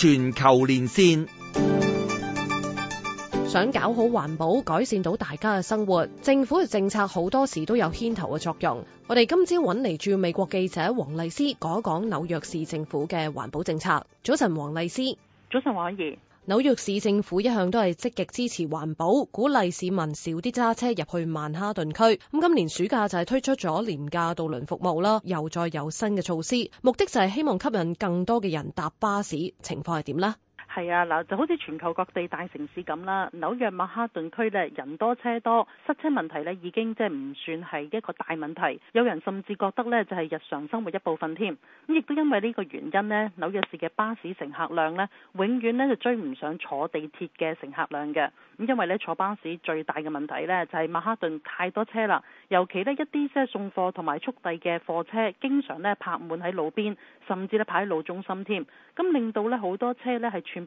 全球連線，想搞好環保，改善到大家嘅生活，政府嘅政策好多時都有牽頭嘅作用。我哋今朝揾嚟駐美國記者黃麗施講一講紐約市政府嘅環保政策。早晨，黃麗施。早晨，凱宜。紐約市政府一向都係積極支持環保，鼓勵市民少啲揸車入去曼哈頓區。咁今年暑假就係推出咗廉價渡輪服務啦，又再有新嘅措施，目的就係希望吸引更多嘅人搭巴士。情況係點呢？係啊，嗱，就好似全球各地大城市咁啦，紐約曼哈頓區呢，人多車多，塞車問題呢已經即係唔算係一個大問題，有人甚至覺得呢，就係日常生活一部分添。咁亦都因為呢個原因呢，紐約市嘅巴士乘客量呢永遠呢就追唔上坐地鐵嘅乘客量嘅。咁因為呢，坐巴士最大嘅問題呢就係曼哈頓太多車啦，尤其呢一啲即送貨同埋速遞嘅貨車，經常呢泊滿喺路邊，甚至呢泊喺路中心添。咁令到呢好多車呢係串。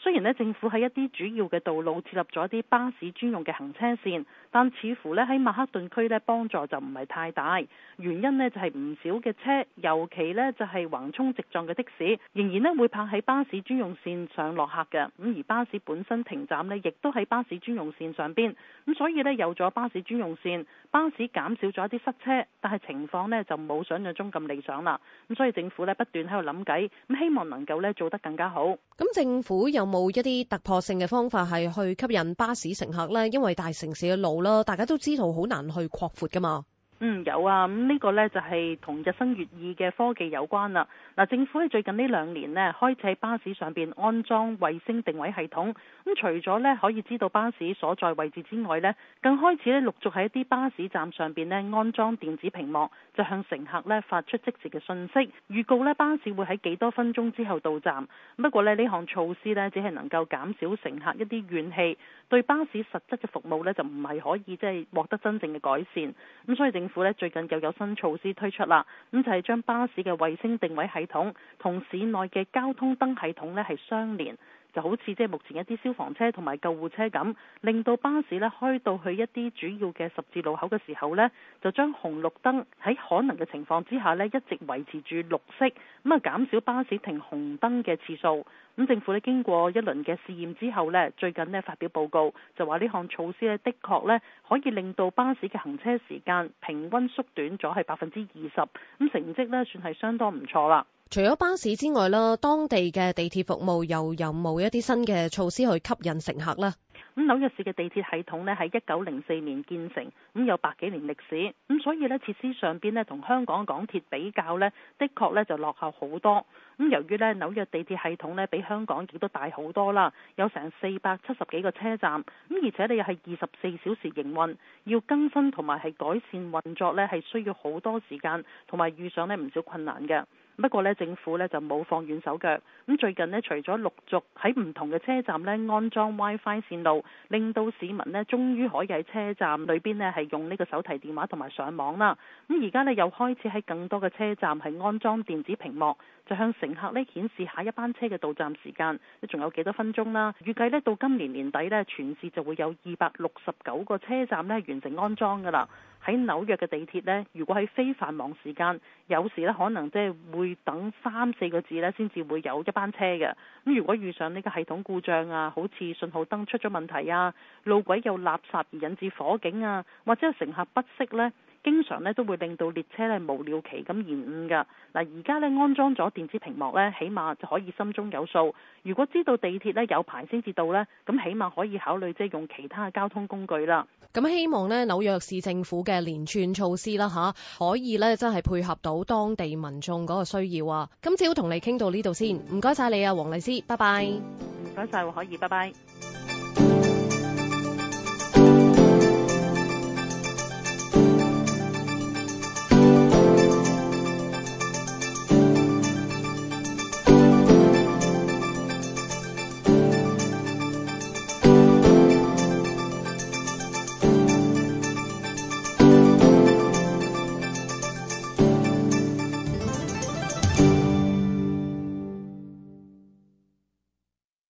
雖然咧，政府喺一啲主要嘅道路設立咗一啲巴士專用嘅行車線，但似乎咧喺曼克頓區咧幫助就唔係太大。原因咧就係唔少嘅車，尤其咧就係橫衝直撞嘅的，的士，仍然咧會泊喺巴士專用線上落客嘅。咁而巴士本身停站咧，亦都喺巴士專用線上邊。咁所以咧有咗巴士專用線，巴士減少咗一啲塞車，但係情況咧就冇想像中咁理想啦。咁所以政府咧不斷喺度諗計，咁希望能夠咧做得更加好。咁政府有。有冇一啲突破性嘅方法係去吸引巴士乘客咧？因為大城市嘅路啦，大家都知道好難去擴闊噶嘛。嗯，有啊，咁、這、呢個咧就係同日新月異嘅科技有關啦。嗱，政府喺最近呢兩年咧，開始喺巴士上邊安裝衛星定位系統。咁除咗咧可以知道巴士所在位置之外咧，更開始咧陸續喺一啲巴士站上邊咧安裝電子屏幕，就向乘客咧發出即時嘅信息，預告咧巴士會喺幾多分鐘之後到站。不過咧呢項措施咧只係能夠減少乘客一啲怨氣，對巴士實質嘅服務咧就唔係可以即係、就是、獲得真正嘅改善。咁所以整府呢最近又有新措施推出啦，咁就係、是、將巴士嘅衛星定位系統同市內嘅交通燈系統咧係相連，就好似即係目前一啲消防車同埋救護車咁，令到巴士咧開到去一啲主要嘅十字路口嘅時候呢，就將紅綠燈喺可能嘅情況之下呢，一直維持住綠色，咁啊減少巴士停紅燈嘅次數。咁政府咧經過一輪嘅試驗之後呢，最近呢發表報告就話呢項措施呢，的確呢，可以令到巴士嘅行車時間平均縮短咗係百分之二十，咁成績呢，算係相當唔錯啦。除咗巴士之外啦，當地嘅地鐵服務又有冇一啲新嘅措施去吸引乘客咧？咁紐約市嘅地鐵系統呢，喺一九零四年建成，咁有百幾年歷史，咁所以呢，設施上邊呢，同香港港鐵比較呢，的確呢，就落後好多。咁由於呢，紐約地鐵系統呢，比香港亦都大好多啦，有成四百七十幾個車站，咁而且又係二十四小時營運，要更新同埋係改善運作呢，係需要好多時間同埋遇上呢唔少困難嘅。不過咧，政府咧就冇放軟手腳。咁最近咧，除咗陸續喺唔同嘅車站咧安裝 WiFi 線路，令到市民咧終於可以喺車站裏邊咧係用呢個手提電話同埋上網啦。咁而家咧又開始喺更多嘅車站係安裝電子屏幕，就向乘客咧顯示下一班車嘅到站時間，即係仲有幾多分鐘啦。預計咧到今年年底咧，全市就會有二百六十九個車站咧完成安裝㗎啦。喺紐約嘅地鐵呢，如果喺非繁忙時間，有時呢可能即係會等三四個字呢先至會有一班車嘅。咁如果遇上呢個系統故障啊，好似信號燈出咗問題啊，路軌有垃圾而引致火警啊，或者係乘客不適呢。經常咧都會令到列車咧無了期咁延誤㗎。嗱而家咧安裝咗電子屏幕咧，起碼就可以心中有數。如果知道地鐵咧有排先至到咧，咁起碼可以考慮即係用其他交通工具啦。咁希望咧紐約市政府嘅連串措施啦嚇，可以咧真係配合到當地民眾嗰個需要啊。今朝同你傾到呢度先，唔該晒你啊，黃麗施，拜拜。唔該曬，可以，拜拜。